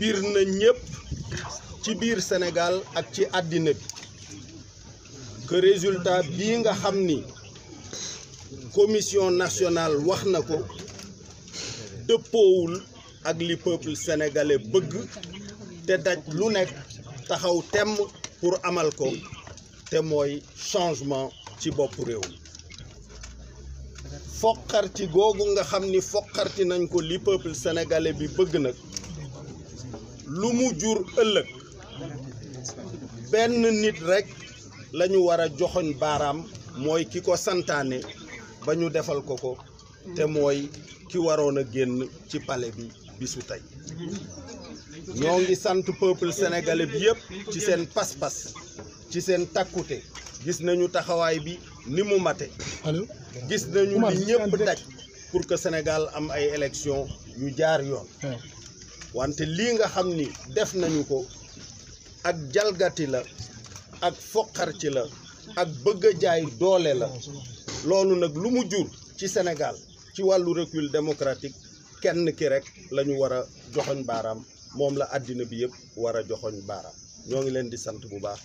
biir na ñëpp ci biir Sénégal ak ci àddina bi que résultat bii nga xam ni commission nationale wax na ko dëppoowul ak li peuple sénégalais bëgg te daj lu nekk taxaw temm pour amal ko te mooy changement ci bopp réew mi foqarti googu nga xam ni foqarti nañ ko li peuple sénégalais bi bëgg nag lu mu jur ëllëg benn nit rekk lañu war a joxoñ baaraam mooy ki ko santaane ba ñu defal ko ko te mooy ki waroon a génn ci pale bi bisu tey ñoo ngi sant peuple sénégalais bi yépp ci seen pas-pas ci seen takkute gis nañu taxawaay bi ni mu mate gis nañu li ñëpp daj pour que senegal am ay élection yu jaar yoon wante lii nga xam ni def nañu ko ak jalgati la ak foqar la ak bëgg jaay doole la loolu nag lu mu jur ci senegal ci wàllu recul démocratique kenn ki rek la ñu war a joxoñ baaraam moom la àddina bi yëpp war a joxoñ baaraam ñoo ngi leen di sant bu baax